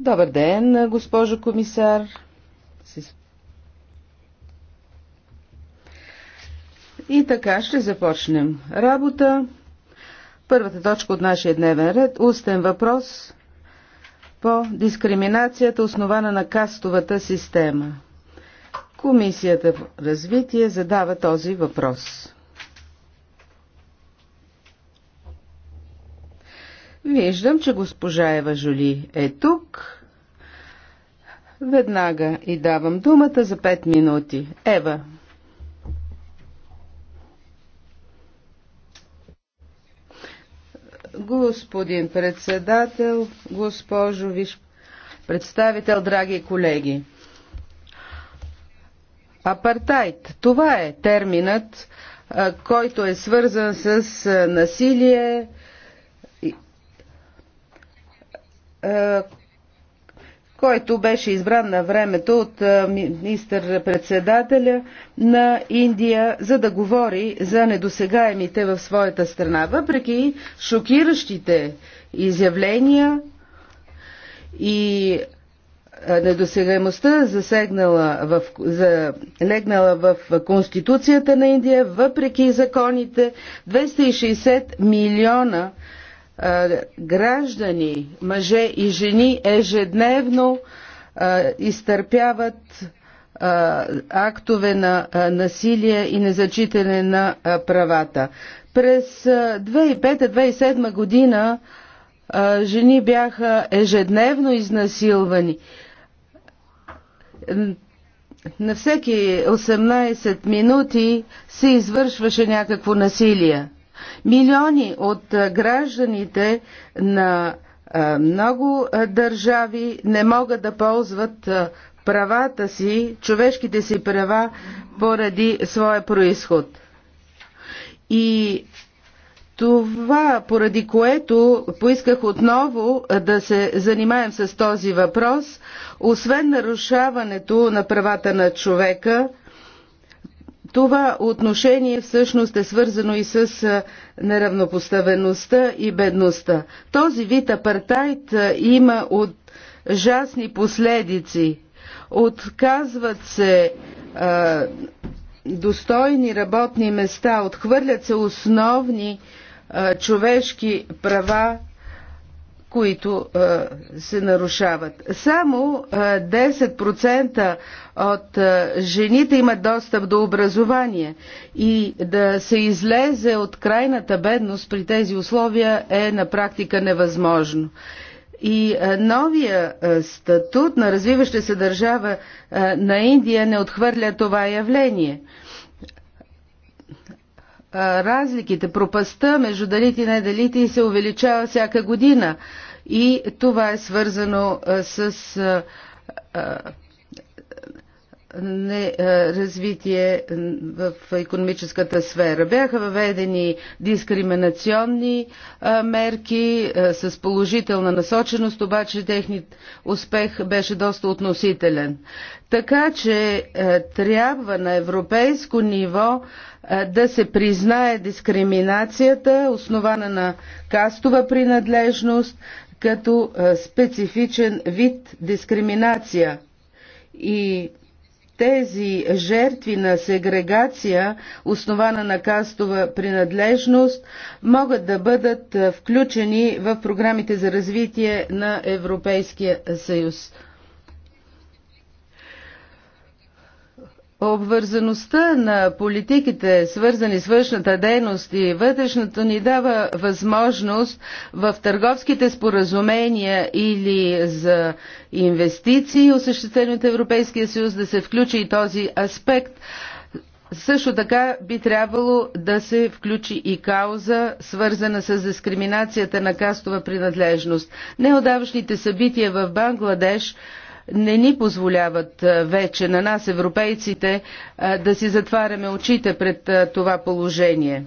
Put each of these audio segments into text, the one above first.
Добър ден, госпожо комисар. И така ще започнем работа. Първата точка от нашия дневен ред – устен въпрос по дискриминацията, основана на кастовата система. Комисията по развитие задава този въпрос. Виждам, че госпожа Ева Жоли е тук. Веднага и давам думата за пет минути. Ева. Господин председател, госпожо виш представител, драги колеги. Апартайт. Това е терминът, който е свързан с насилие, Е, който беше избран на времето от е, министър-председателя на Индия, за да говори за недосегаемите в своята страна. Въпреки шокиращите изявления и е, недосегаемостта засегнала в, легнала в Конституцията на Индия, въпреки законите, 260 милиона е, граждани, мъже и жени ежедневно е, изтърпяват е, актове на насилие и незачитане на правата. През 2005-2007 година жени бяха ежедневно изнасилвани. На всеки 18 минути се извършваше някакво насилие. Милиони от гражданите на много държави не могат да ползват правата си, човешките си права поради своя происход. И това, поради което поисках отново да се занимаем с този въпрос, освен нарушаването на правата на човека, това отношение всъщност е свързано и с неравнопоставеността и бедността. Този вид апартайт има от жасни последици. Отказват се а, достойни работни места, отхвърлят се основни а, човешки права които а, е, се нарушават. Само е, а, 10% от а, е, жените имат достъп до образование и да се излезе от крайната бедност при тези условия е на практика невъзможно. И а, новия а, статут на развиваща се държава а, на Индия не отхвърля това явление разликите, пропаста между далите и недалите се увеличава всяка година. И това е свързано с развитие е, в економическата сфера. Бяха въведени дискриминационни е, мерки е, с положителна насоченост, обаче техният успех беше доста относителен. Така че трябва на европейско ниво да се признае дискриминацията, основана на кастова принадлежност, като специфичен вид дискриминация. И тези жертви на сегрегация, основана на кастова принадлежност, могат да бъдат включени в програмите за развитие на Европейския съюз. Обвързаността на политиките, свързани с външната дейност и вътрешната, ни дава възможност в търговските споразумения или за инвестиции, осъществени от Европейския съюз, да се включи и този аспект. Също така би трябвало да се включи и кауза, свързана с дискриминацията на кастова принадлежност. Неодавшните събития в Бангладеш – не ни позволяват вече на нас, европейците, да си затваряме очите пред това положение.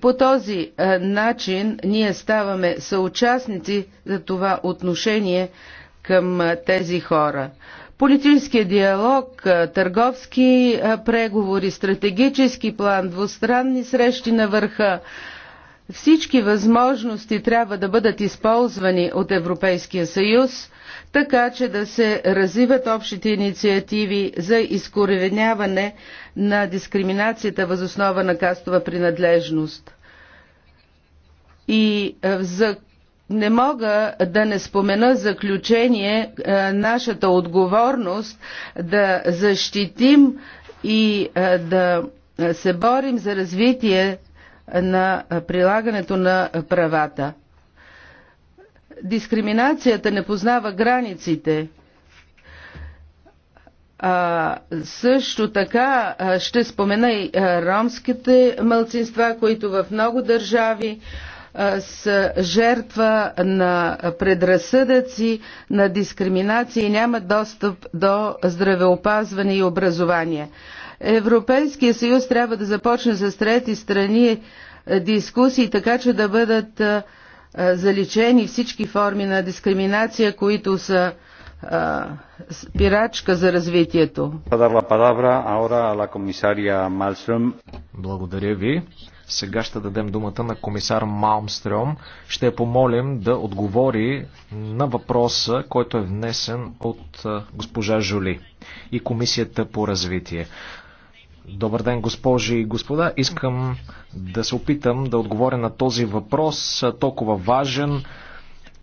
По този начин ние ставаме съучастници за това отношение към тези хора. Политическия диалог, търговски преговори, стратегически план, двустранни срещи на върха, всички възможности трябва да бъдат използвани от Европейския съюз, така че да се развиват общите инициативи за изкореняване на дискриминацията възоснова на кастова принадлежност. И е, за не мога да не спомена заключение е, нашата отговорност да защитим и е, да се борим за развитие на прилагането на правата. Дискриминацията не познава границите. А, също така ще спомена и ромските мълцинства, които в много държави с жертва на предразсъдъци, на дискриминация и няма достъп до здравеопазване и образование. Европейския съюз трябва да започне с трети страни е, дискусии, така че да бъдат е, е, заличени всички форми на дискриминация, които са спирачка за развитието. Благодаря ви. Сега ще дадем думата на комисар Малмстрем. Ще я помолим да отговори на въпроса, който е внесен от госпожа Жули и Комисията по развитие. Добър ден, госпожи и господа. Искам да се опитам да отговоря на този въпрос, толкова важен.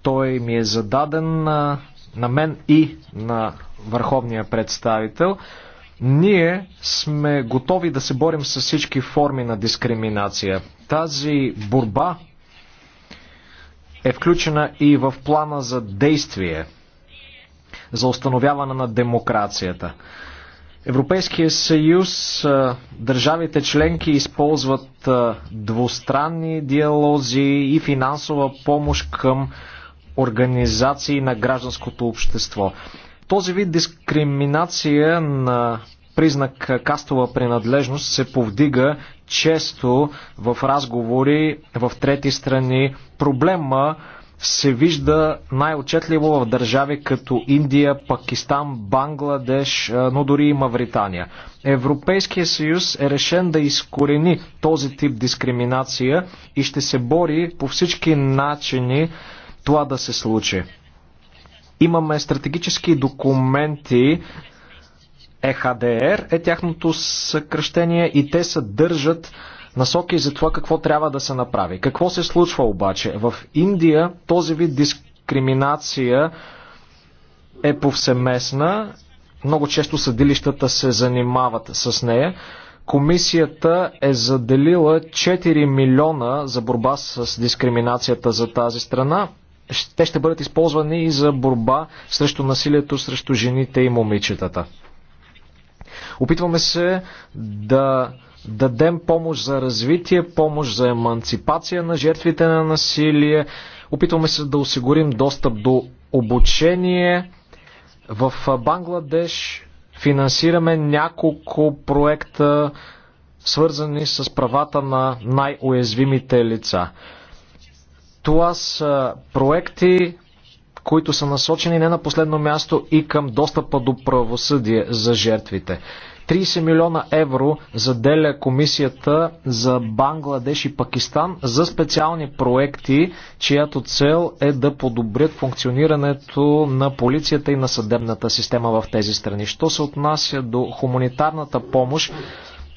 Той ми е зададен на, на мен и на върховния представител. Ние сме готови да се борим с всички форми на дискриминация. Тази борба е включена и в плана за действие за установяване на демокрацията. Европейския съюз, държавите членки използват двустранни диалози и финансова помощ към организации на гражданското общество. Този вид дискриминация на признак кастова принадлежност се повдига често в разговори в трети страни. Проблема се вижда най-отчетливо в държави като Индия, Пакистан, Бангладеш, но дори и Мавритания. Европейския съюз е решен да изкорени този тип дискриминация и ще се бори по всички начини това да се случи. Имаме стратегически документи, ЕХДР е тяхното съкръщение и те съдържат насоки за това какво трябва да се направи. Какво се случва обаче? В Индия този вид дискриминация е повсеместна. Много често съдилищата се занимават с нея. Комисията е заделила 4 милиона за борба с дискриминацията за тази страна. Те ще бъдат използвани и за борба срещу насилието срещу жените и момичетата. Опитваме се да дадем помощ за развитие, помощ за еманципация на жертвите на насилие. Опитваме се да осигурим достъп до обучение. В Бангладеш финансираме няколко проекта, свързани с правата на най-уязвимите лица. Това са проекти, които са насочени не на последно място и към достъпа до правосъдие за жертвите. 30 милиона евро заделя комисията за Бангладеш и Пакистан за специални проекти, чиято цел е да подобрят функционирането на полицията и на съдебната система в тези страни. Що се отнася до хуманитарната помощ,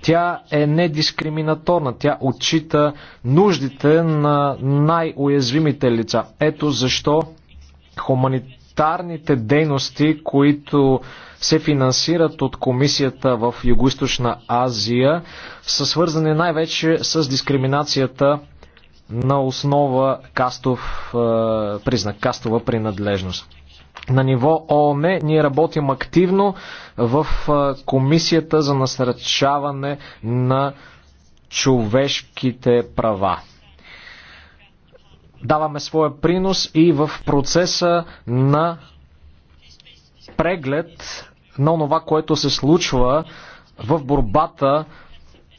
тя е недискриминаторна. Тя отчита нуждите на най-уязвимите лица. Ето защо хуманитарната хуманитарните дейности, които се финансират от комисията в юго Азия, са свързани най-вече с дискриминацията на основа кастов е, признак, кастова принадлежност. На ниво ООН ние работим активно в е, Комисията за насърчаване на човешките права даваме своя принос и в процеса на преглед на това, което се случва в борбата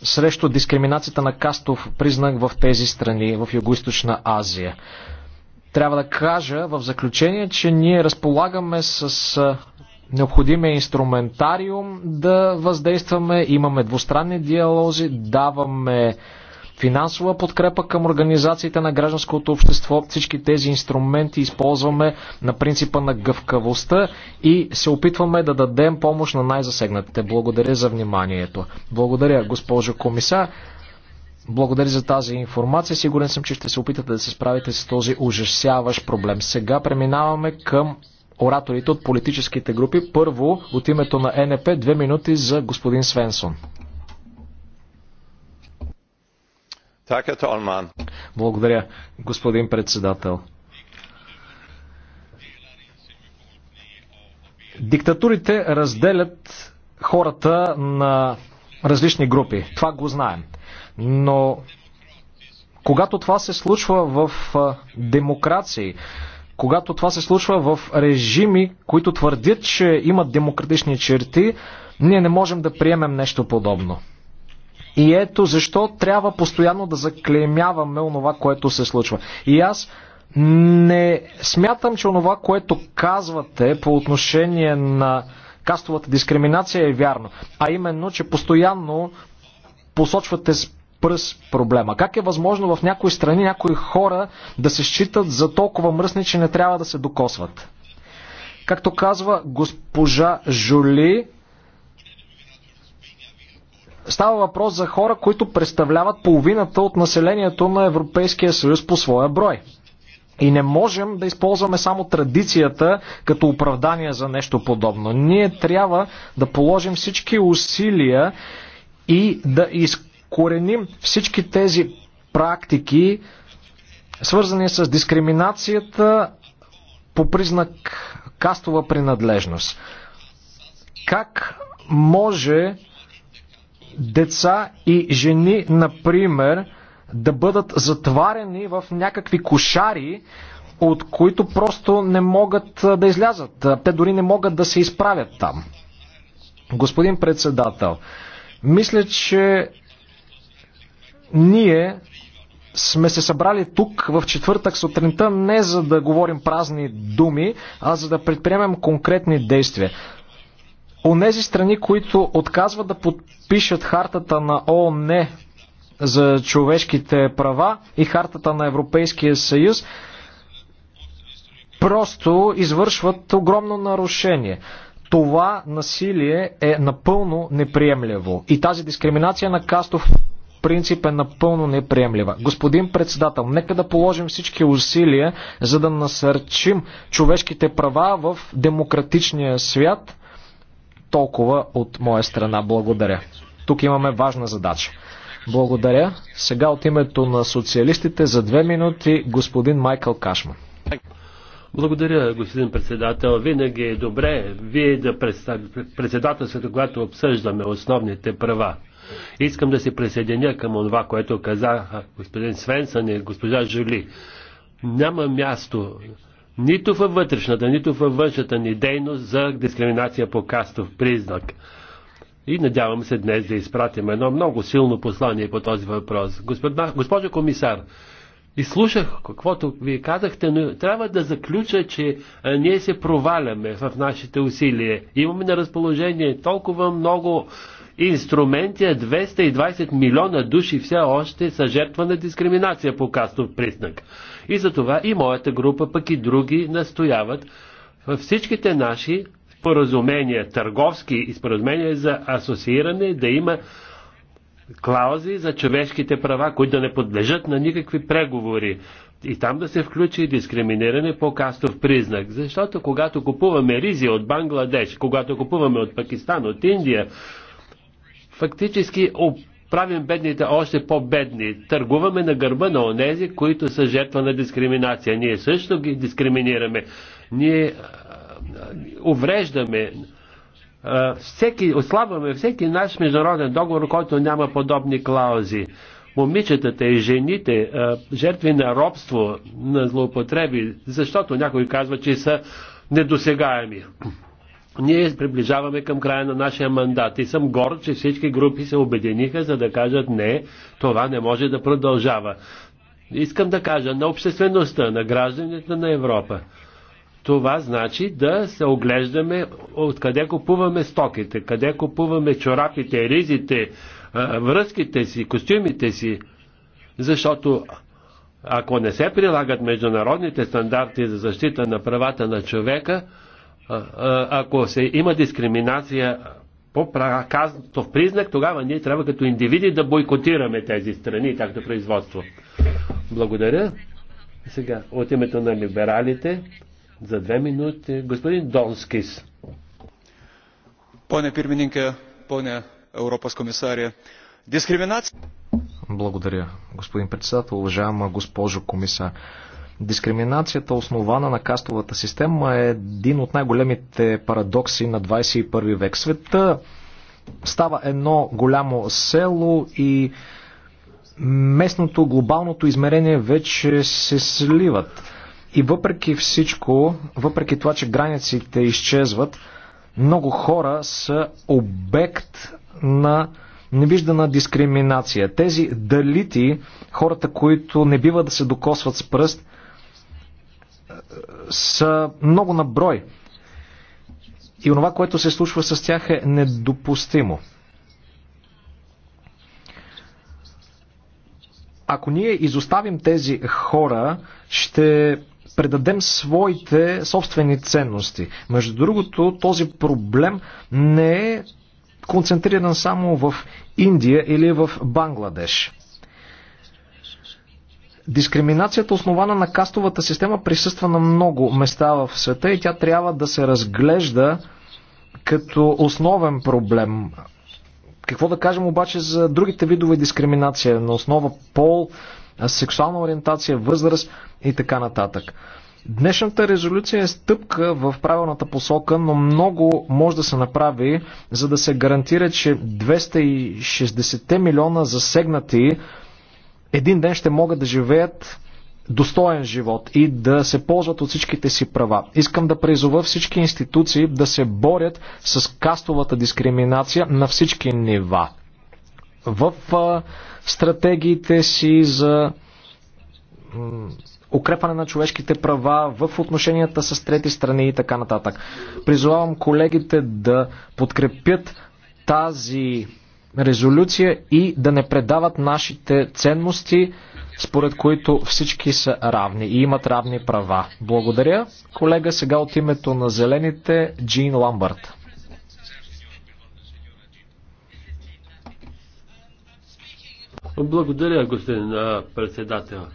срещу дискриминацията на кастов признак в тези страни, в Юго-Источна Азия. Трябва да кажа в заключение, че ние разполагаме с необходимия инструментариум да въздействаме, имаме двустранни диалози, даваме финансова подкрепа към организациите на гражданското общество. Всички тези инструменти използваме на принципа на гъвкавостта и се опитваме да дадем помощ на най-засегнатите. Благодаря за вниманието. Благодаря, госпожо комисар. Благодаря за тази информация. Сигурен съм, че ще се опитате да се справите с този ужасяващ проблем. Сега преминаваме към ораторите от политическите групи. Първо, от името на НП, две минути за господин Свенсон. Благодаря, господин председател. Диктатурите разделят хората на различни групи. Това го знаем. Но когато това се случва в демокрации, когато това се случва в режими, които твърдят, че имат демократични черти, ние не можем да приемем нещо подобно. И ето защо трябва постоянно да заклемяваме онова, което се случва. И аз не смятам, че онова, което казвате по отношение на кастовата дискриминация е вярно. А именно, че постоянно посочвате с пръст проблема. Как е възможно в някои страни някои хора да се считат за толкова мръсни, че не трябва да се докосват? Както казва госпожа Жули, Става въпрос за хора, които представляват половината от населението на Европейския съюз по своя брой. И не можем да използваме само традицията като оправдание за нещо подобно. Ние трябва да положим всички усилия и да изкореним всички тези практики, свързани с дискриминацията по признак кастова принадлежност. Как може деца и жени, например, да бъдат затварени в някакви кошари, от които просто не могат да излязат. Те дори не могат да се изправят там. Господин председател, мисля, че ние сме се събрали тук в четвъртък сутринта не за да говорим празни думи, а за да предприемем конкретни действия. Онези страни, които отказват да подпишат хартата на ООН за човешките права и хартата на Европейския съюз, просто извършват огромно нарушение. Това насилие е напълно неприемливо. И тази дискриминация на кастов принцип е напълно неприемлива. Господин председател, нека да положим всички усилия, за да насърчим човешките права в демократичния свят – толкова от моя страна. Благодаря. Тук имаме важна задача. Благодаря. Сега от името на социалистите за две минути господин Майкъл Кашман. Благодаря, господин председател. Винаги е добре вие да председателството, когато обсъждаме основните права. Искам да се присъединя към това, което казаха господин Свенсън и госпожа Жули. Няма място нито във вътрешната, нито във външната ни дейност за дискриминация по кастов признак. И надявам се днес да изпратим едно много силно послание по този въпрос. Господа, госпожо комисар, изслушах каквото вие казахте, но трябва да заключа, че ние се проваляме в нашите усилия. Имаме на разположение толкова много инструменти, 220 милиона души все още са жертва на дискриминация по кастов признак. И за това и моята група, пък и други настояват във всичките наши споразумения, търговски и споразумения за асоцииране, да има клаузи за човешките права, които да не подлежат на никакви преговори. И там да се включи дискриминиране по кастов признак. Защото когато купуваме ризи от Бангладеш, когато купуваме от Пакистан, от Индия, фактически правим бедните още по-бедни, търгуваме на гърба на онези, които са жертва на дискриминация. Ние също ги дискриминираме. Ние увреждаме, всеки, ослабваме всеки наш международен договор, който няма подобни клаузи. Момичетата и жените, жертви на робство, на злоупотреби, защото някой казва, че са недосегаеми ние приближаваме към края на нашия мандат и съм горд, че всички групи се обединиха, за да кажат не, това не може да продължава. Искам да кажа на обществеността, на гражданите на Европа. Това значи да се оглеждаме откъде купуваме стоките, къде купуваме чорапите, ризите, връзките си, костюмите си, защото ако не се прилагат международните стандарти за защита на правата на човека, ако се има дискриминация по казнатов признак, тогава ние трябва като индивиди да бойкотираме тези страни, както производство. Благодаря. Сега, от името на либералите, за две минути, господин Донскис. Поне пирмининка, поне Европас комисария. Дискриминация... Благодаря, господин председател, уважаема госпожо комисар. Дискриминацията, основана на кастовата система, е един от най-големите парадокси на 21 век. Света става едно голямо село и местното, глобалното измерение вече се сливат. И въпреки всичко, въпреки това, че границите изчезват, много хора са обект на невиждана дискриминация. Тези далити, хората, които не бива да се докосват с пръст, са много на брой. И онова, което се случва с тях е недопустимо. Ако ние изоставим тези хора, ще предадем своите собствени ценности. Между другото, този проблем не е концентриран само в Индия или в Бангладеш. Дискриминацията, основана на кастовата система, присъства на много места в света и тя трябва да се разглежда като основен проблем. Какво да кажем обаче за другите видове дискриминация на основа пол, сексуална ориентация, възраст и така нататък. Днешната резолюция е стъпка в правилната посока, но много може да се направи, за да се гарантира, че 260 милиона засегнати един ден ще могат да живеят достоен живот и да се ползват от всичките си права. Искам да призова всички институции да се борят с кастовата дискриминация на всички нива. В стратегиите си за укрепване на човешките права, в отношенията с трети страни и така нататък. Призовавам колегите да подкрепят тази резолюция и да не предават нашите ценности, според които всички са равни и имат равни права. Благодаря, колега. Сега от името на зелените Джин Ламбърт. Благодаря, господин а, председател.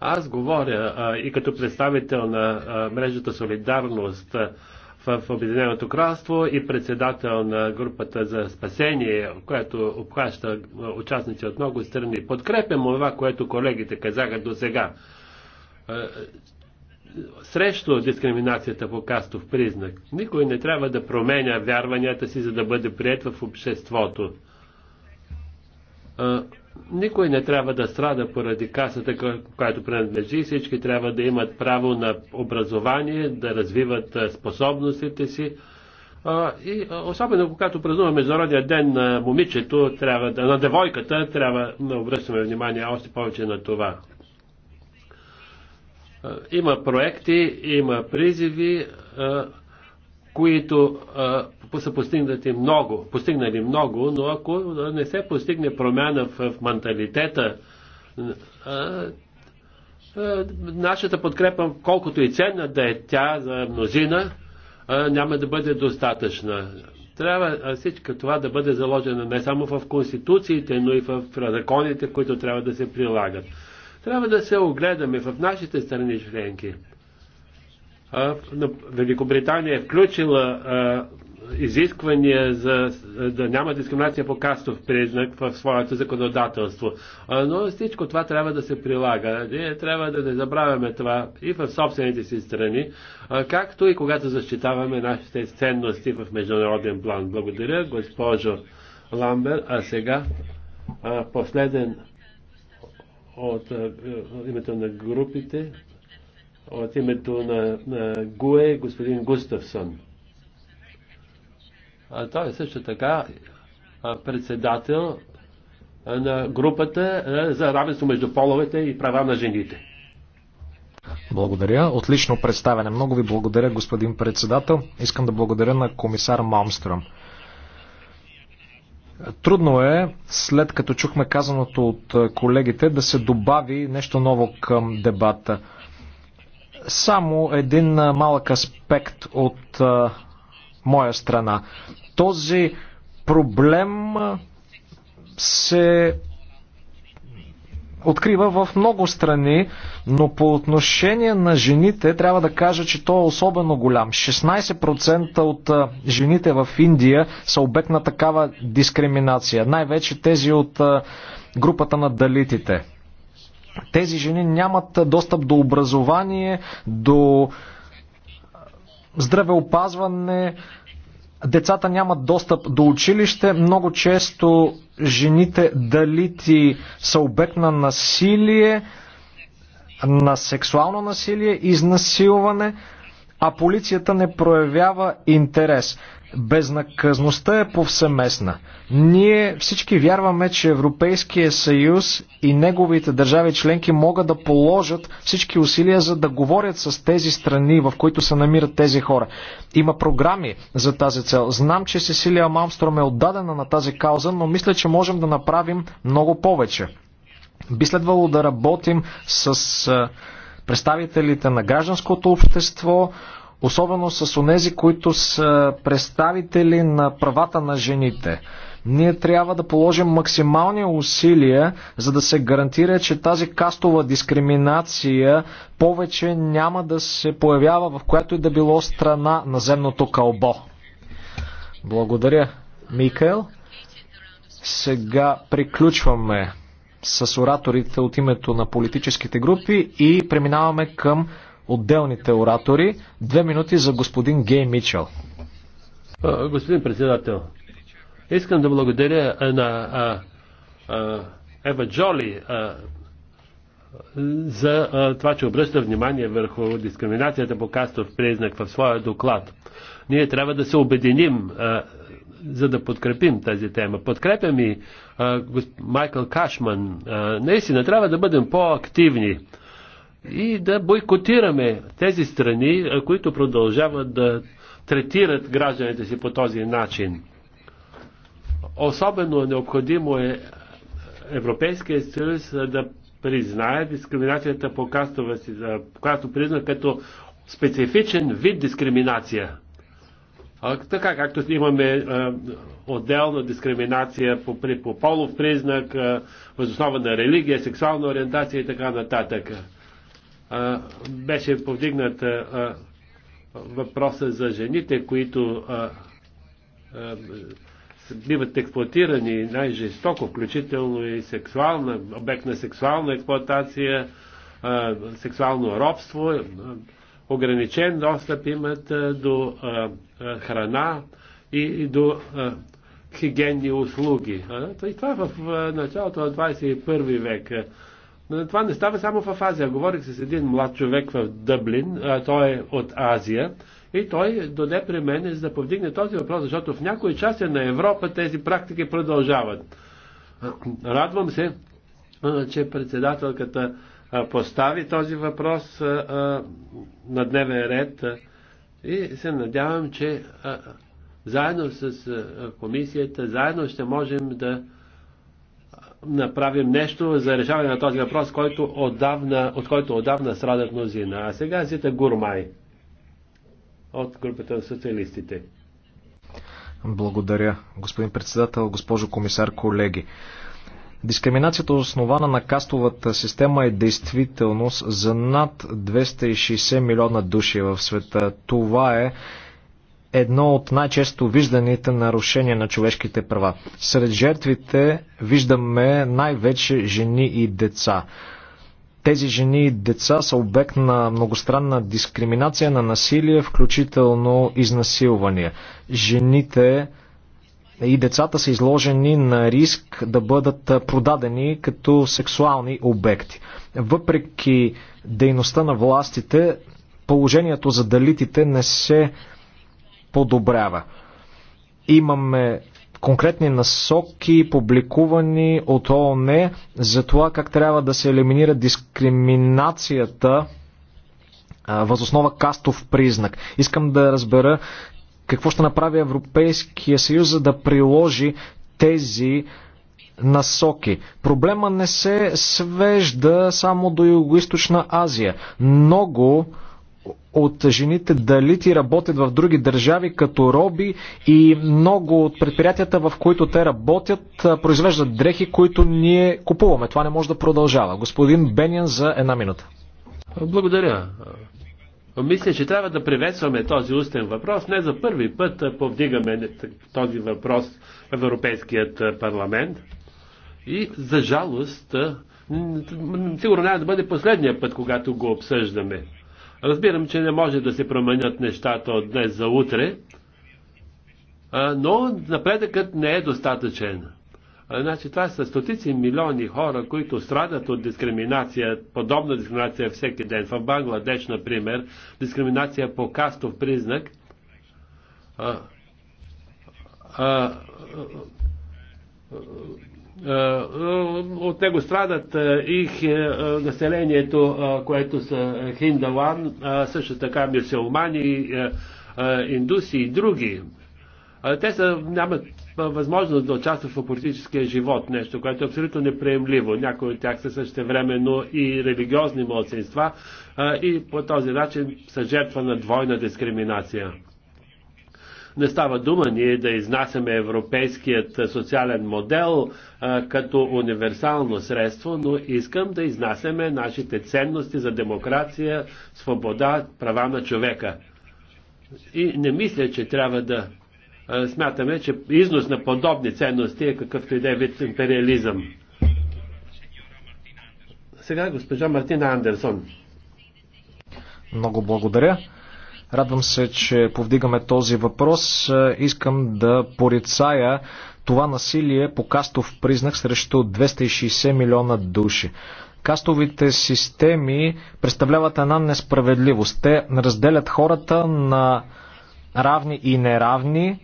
Аз говоря а, и като представител на а, мрежата Солидарност. А, в Обединеното кралство и председател на групата за спасение, която обхваща участници от много страни. Подкрепям това, което колегите казаха до сега. Срещу дискриминацията по кастов признак. Никой не трябва да променя вярванията си, за да бъде прият в обществото никой не трябва да страда поради касата, която принадлежи. Всички трябва да имат право на образование, да развиват способностите си. И особено когато празнуваме Международния ден на момичето, трябва да, на девойката, трябва да обръщаме внимание още повече на това. Има проекти, има призиви, които са постигнати много, постигнали много, но ако не се постигне промяна в, в менталитета, а, а, нашата подкрепа, колкото и ценна да е тя за мнозина, а, няма да бъде достатъчна. Трябва всичко това да бъде заложено не само в конституциите, но и в законите, които трябва да се прилагат. Трябва да се огледаме в нашите страни членки. Великобритания е включила изисквания за да няма дискриминация по кастов признак в своето законодателство. Но всичко това трябва да се прилага. Ние трябва да не забравяме това и в собствените си страни, както и когато защитаваме нашите ценности в международен план. Благодаря, госпожо Ламбер. А сега последен от името на групите, от името на, на ГУЕ, господин Густавсон. А той е също така председател на групата за равенство между половете и права на жените. Благодаря. Отлично представяне. Много ви благодаря, господин председател. Искам да благодаря на комисар Малмстръм. Трудно е, след като чухме казаното от колегите, да се добави нещо ново към дебата. Само един малък аспект от моя страна. Този проблем се открива в много страни, но по отношение на жените трябва да кажа, че то е особено голям. 16% от жените в Индия са обект на такава дискриминация. Най-вече тези от групата на далитите. Тези жени нямат достъп до образование, до здравеопазване, децата нямат достъп до училище, много често жените дали ти са обект на насилие, на сексуално насилие, изнасилване, а полицията не проявява интерес. Безнаказността е повсеместна. Ние всички вярваме, че Европейския съюз и неговите държави членки могат да положат всички усилия, за да говорят с тези страни, в които се намират тези хора. Има програми за тази цел. Знам, че Сесилия Малмстром е отдадена на тази кауза, но мисля, че можем да направим много повече. Би следвало да работим с представителите на гражданското общество, особено с онези, които са представители на правата на жените. Ние трябва да положим максимални усилия, за да се гарантира, че тази кастова дискриминация повече няма да се появява в която и да било страна на земното кълбо. Благодаря, Микаел. Сега приключваме с ораторите от името на политическите групи и преминаваме към отделните оратори. Две минути за господин Гей Мичел. Господин председател, искам да благодаря на а, а, Ева Джоли а, за а, това, че обръща внимание върху дискриминацията по кастов признак в своя доклад. Ние трябва да се обединим, а, за да подкрепим тази тема. Подкрепям и а, госп... Майкъл Кашман. А, наистина трябва да бъдем по-активни и да бойкотираме тези страни, които продължават да третират гражданите си по този начин. Особено необходимо е Европейския съюз да признае дискриминацията по кастова си, която призна като специфичен вид дискриминация. А, така както имаме а, отделна дискриминация по, по полов признак, а, възоснова на религия, сексуална ориентация и така нататък а, беше повдигнат а, въпроса за жените, които а, а, биват експлуатирани най-жестоко, включително и сексуална, обект на сексуална експлуатация, а, сексуално робство, а, ограничен достъп имат а, до а, храна и, и до а, хигиенни услуги. А, и това е в началото на 21 век. Но това не става само в Азия. Говорих с един млад човек в Дъблин, а той е от Азия, и той доде при мен за да повдигне този въпрос, защото в някои части на Европа тези практики продължават. Радвам се, че председателката постави този въпрос на дневен ред и се надявам, че заедно с комисията, заедно ще можем да направим нещо за решаване на този въпрос, който отдавна, от който отдавна страдат мнозина. А сега Зита Гурмай от групата на социалистите. Благодаря, господин председател, госпожо комисар, колеги. Дискриминацията, основана на кастовата система, е действителност за над 260 милиона души в света. Това е едно от най-често вижданите нарушения на човешките права. Сред жертвите виждаме най-вече жени и деца. Тези жени и деца са обект на многостранна дискриминация, на насилие, включително изнасилвания. Жените и децата са изложени на риск да бъдат продадени като сексуални обекти. Въпреки дейността на властите, положението за далитите не се подобрява. Имаме конкретни насоки, публикувани от ООН за това как трябва да се елиминира дискриминацията възоснова кастов признак. Искам да разбера какво ще направи Европейския съюз, за да приложи тези насоки. Проблема не се свежда само до Юго-Источна Азия. Много от жените дали ти работят в други държави като роби и много от предприятията, в които те работят, произвеждат дрехи, които ние купуваме. Това не може да продължава. Господин Бенин, за една минута. Благодаря. Мисля, че трябва да приветстваме този устен въпрос. Не за първи път повдигаме този въпрос в Европейският парламент. И за жалост, сигурно няма да бъде последния път, когато го обсъждаме. Разбирам, че не може да се променят нещата от днес за утре, но напредъкът не е достатъчен. Значи, това са стотици милиони хора, които страдат от дискриминация, подобна дискриминация всеки ден. В Бангладеш, например, дискриминация по кастов признак. А, а, а, е, е, от него страдат е, и населението, което са хиндалан, също така мюсюлмани, индуси и други. Те са, нямат възможност да участват в политическия живот, нещо, което е абсолютно неприемливо. Някои от тях са също но и религиозни младсинства и по този начин са жертва на двойна дискриминация. Не става дума ние да изнасяме европейският социален модел а, като универсално средство, но искам да изнасяме нашите ценности за демокрация, свобода, права на човека. И не мисля, че трябва да а, смятаме, че износ на подобни ценности е какъвто и да е вид империализъм. Сега госпожа Мартина Андерсон. Много благодаря. Радвам се, че повдигаме този въпрос. Искам да порицая това насилие по кастов признак срещу 260 милиона души. Кастовите системи представляват една несправедливост. Те разделят хората на равни и неравни.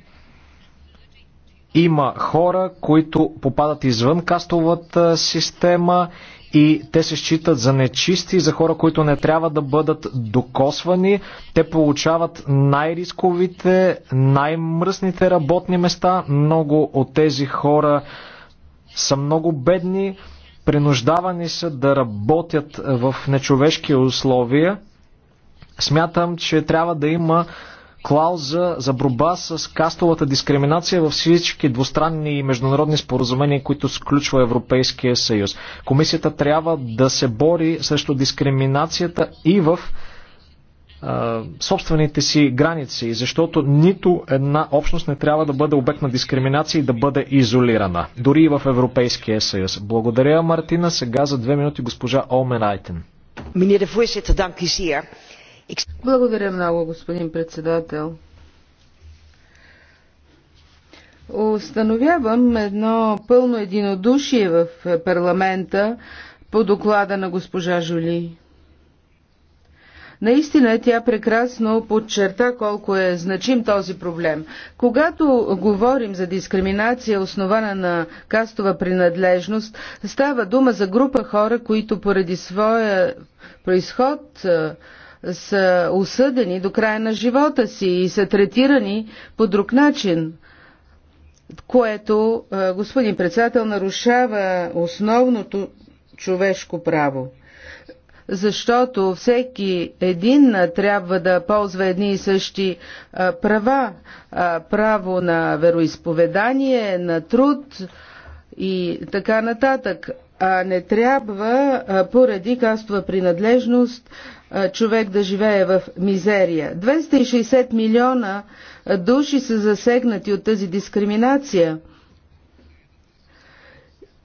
Има хора, които попадат извън кастовата система и те се считат за нечисти, за хора, които не трябва да бъдат докосвани. Те получават най-рисковите, най-мръсните работни места. Много от тези хора са много бедни, принуждавани са да работят в нечовешки условия. Смятам, че трябва да има клауза за борба с кастовата дискриминация във всички двустранни и международни споразумения, които сключва Европейския съюз. Комисията трябва да се бори срещу дискриминацията и в собствените си граници, защото нито една общност не трябва да бъде обект на дискриминация и да бъде изолирана, дори и в Европейския съюз. Благодаря, Мартина. Сега за две минути госпожа Олмен Айтен. Meneer де Войсет, данки u благодаря много, господин председател. Установявам едно пълно единодушие в парламента по доклада на госпожа Жули. Наистина тя прекрасно подчерта колко е значим този проблем. Когато говорим за дискриминация, основана на кастова принадлежност, става дума за група хора, които поради своя происход, са осъдени до края на живота си и са третирани по друг начин, което, господин председател, нарушава основното човешко право. Защото всеки един трябва да ползва едни и същи права. Право на вероисповедание, на труд и така нататък а не трябва поради кастова принадлежност човек да живее в мизерия. 260 милиона души са засегнати от тази дискриминация.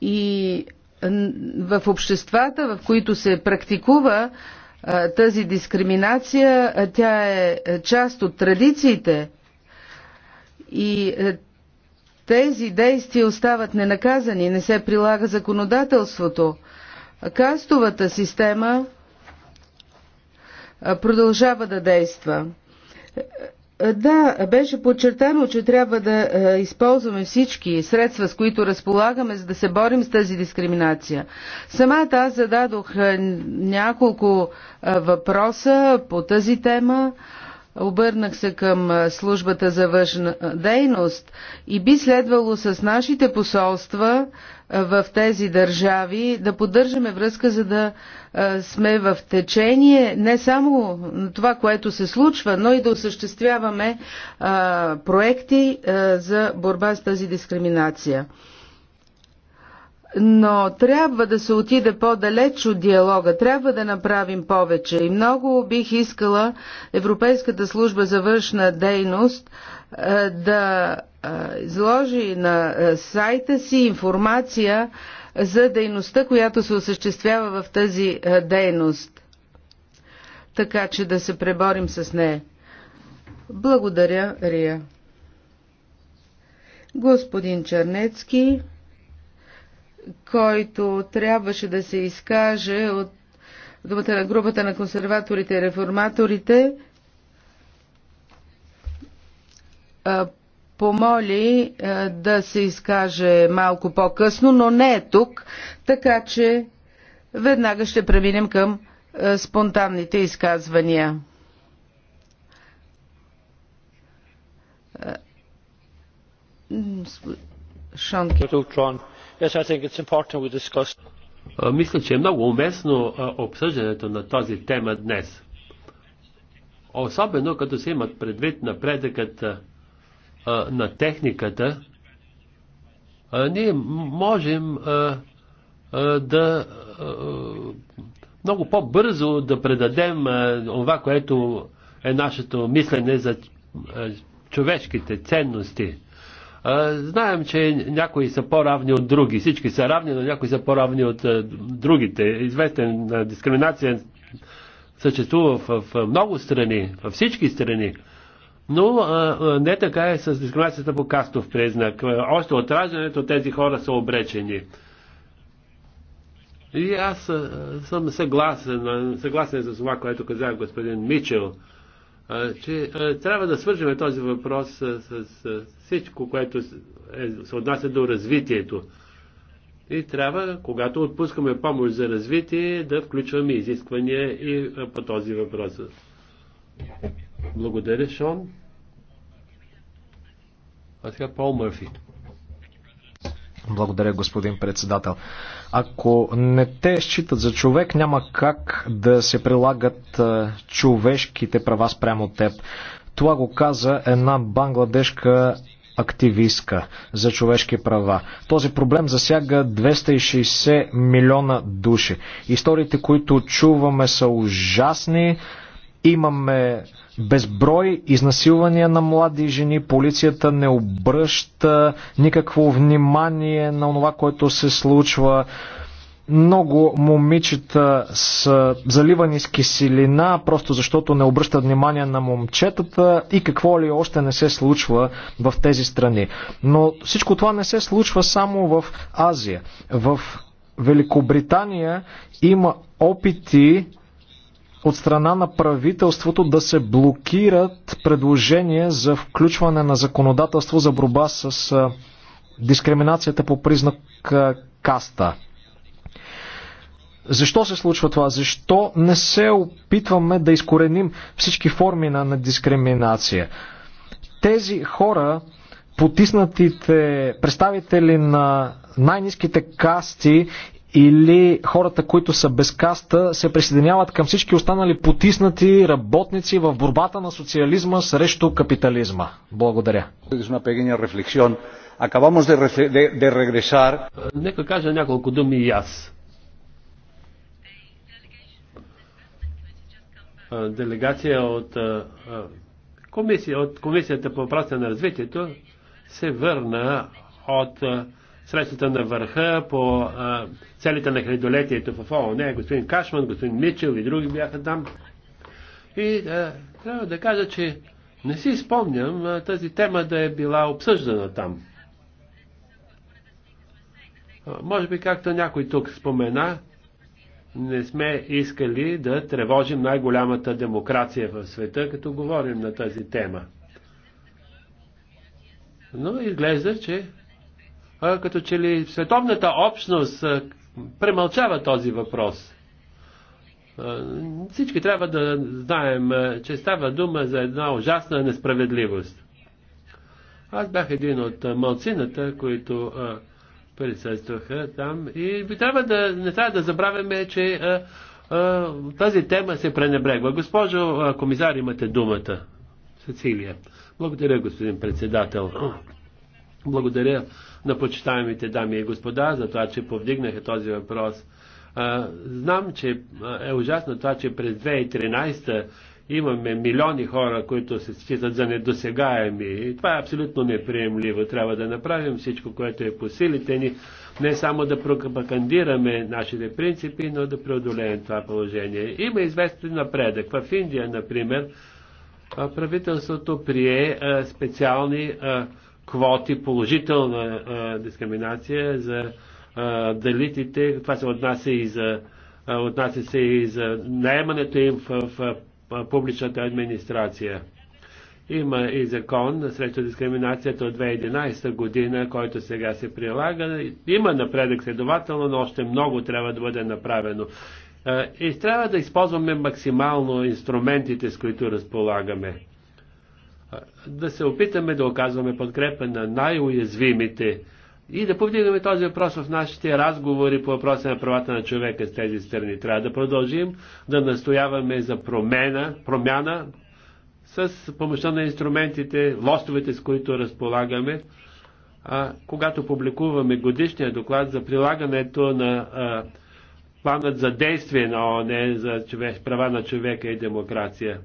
И в обществата, в които се практикува тази дискриминация, тя е част от традициите и тези действия остават ненаказани, не се прилага законодателството. Кастовата система продължава да действа. Да, беше подчертано, че трябва да използваме всички средства, с които разполагаме, за да се борим с тази дискриминация. Самата аз зададох няколко въпроса по тази тема. Обърнах се към службата за външна дейност и би следвало с нашите посолства в тези държави да поддържаме връзка, за да сме в течение не само на това, което се случва, но и да осъществяваме проекти за борба с тази дискриминация но трябва да се отиде по-далеч от диалога, трябва да направим повече. И много бих искала Европейската служба за външна дейност е, да е, изложи на е, сайта си информация за дейността, която се осъществява в тази дейност, така че да се преборим с нея. Благодаря, Рия. Господин Чернецки който трябваше да се изкаже от думата на групата на консерваторите и реформаторите, помоли да се изкаже малко по-късно, но не е тук, така че веднага ще преминем към спонтанните изказвания. Шонки. Yes, I think it's important we discuss. Мисля, че е много уместно обсъждането на този тема днес. Особено като се имат предвид напредъкът на техниката, ние можем да много по-бързо да предадем това, което е нашето мислене за човешките ценности. Знаем, че някои са по-равни от други. Всички са равни, но някои са по-равни от другите. Известен дискриминация съществува в много страни, във всички страни. Но не така е с дискриминацията по кастов признак. Още от раждането тези хора са обречени. И аз съм съгласен, съгласен за това, което каза господин Мичел че трябва да свържем този въпрос с, с, всичко, което е, се отнася до развитието. И трябва, когато отпускаме помощ за развитие, да включваме изисквания и по този въпрос. Благодаря, Шон. А сега Пол Мърфи. Благодаря, господин председател. Ако не те считат за човек, няма как да се прилагат човешките права спрямо теб. Това го каза една бангладешка активистка за човешки права. Този проблем засяга 260 милиона души. Историите, които чуваме, са ужасни. Имаме безброй изнасилвания на млади жени. Полицията не обръща никакво внимание на това, което се случва. Много момичета са заливани с киселина, просто защото не обръщат внимание на момчетата и какво ли още не се случва в тези страни. Но всичко това не се случва само в Азия. В Великобритания има опити от страна на правителството да се блокират предложения за включване на законодателство за борба с дискриминацията по признак каста. Защо се случва това? Защо не се опитваме да изкореним всички форми на, на дискриминация? Тези хора, потиснатите представители на най-низките касти или хората, които са без каста, се присъединяват към всички останали потиснати работници в борбата на социализма срещу капитализма. Благодаря. Нека кажа няколко думи и аз. Делегация от комисия, от Комисията по въпроса на развитието се върна от срещата на върха по а, целите на хредолетието в ООН. Господин Кашман, господин Мичел и други бяха там. И а, трябва да кажа, че не си спомням а, тази тема да е била обсъждана там. А, може би, както някой тук спомена, не сме искали да тревожим най-голямата демокрация в света, като говорим на тази тема. Но изглежда, че като че ли световната общност премълчава този въпрос. Всички трябва да знаем, че става дума за една ужасна несправедливост. Аз бях един от малцината, които присъстваха там и би трябва да, не трябва да забравяме, че а, а, тази тема се пренебрегва. Госпожо а, комисар, имате думата. Сецилия. Благодаря, господин председател. Благодаря на почитаемите дами и господа за това, че повдигнаха този въпрос. Знам, че е ужасно това, че през 2013 имаме милиони хора, които се считат за недосегаеми. И това е абсолютно неприемливо. Трябва да направим всичко, което е по силите ни. Не само да пропагандираме нашите принципи, но да преодолеем това положение. Има известен напредък. В Индия, например, правителството прие специални квоти, положителна а, дискриминация за а, далитите. Това се отнася и за, а, отнася се и за наемането им в, в, в публичната администрация. Има и закон срещу дискриминацията от 2011 година, който сега се прилага. Има напредък следователно, но още много трябва да бъде направено. И трябва да използваме максимално инструментите, с които разполагаме да се опитаме да оказваме подкрепа на най-уязвимите и да повдигаме този въпрос в нашите разговори по въпроса на правата на човека с тези страни. Трябва да продължим да настояваме за промена, промяна с помощта на инструментите, лостовете, с които разполагаме, а, когато публикуваме годишния доклад за прилагането на а, планът за действие на ОНЕ за човек, права на човека и демокрация.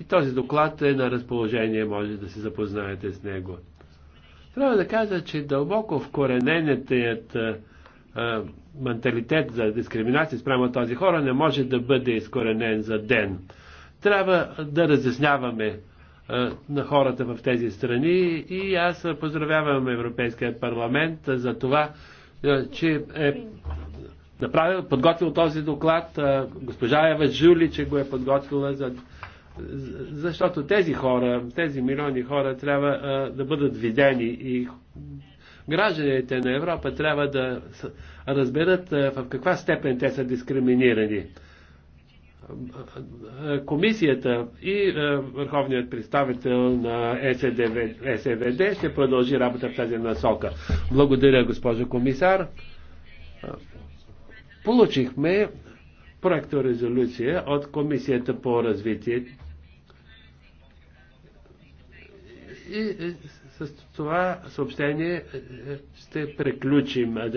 И този доклад е на разположение, може да се запознаете с него. Трябва да кажа, че дълбоко вкорененият менталитет за дискриминация спрямо този хора не може да бъде изкоренен за ден. Трябва да разясняваме на хората в тези страни и аз поздравявам Европейския парламент за това, че е направил, подготвил този доклад. Госпожа Ева Жули, че го е подготвила за защото тези хора, тези милиони хора трябва а, да бъдат видени и гражданите на Европа трябва да разберат а, в каква степен те са дискриминирани. Комисията и върховният представител на СВД ще продължи работа в тази насока. Благодаря, госпожо комисар. Получихме проекторезолюция от Комисията по развитие И с това съобщение е, е, ще приключим.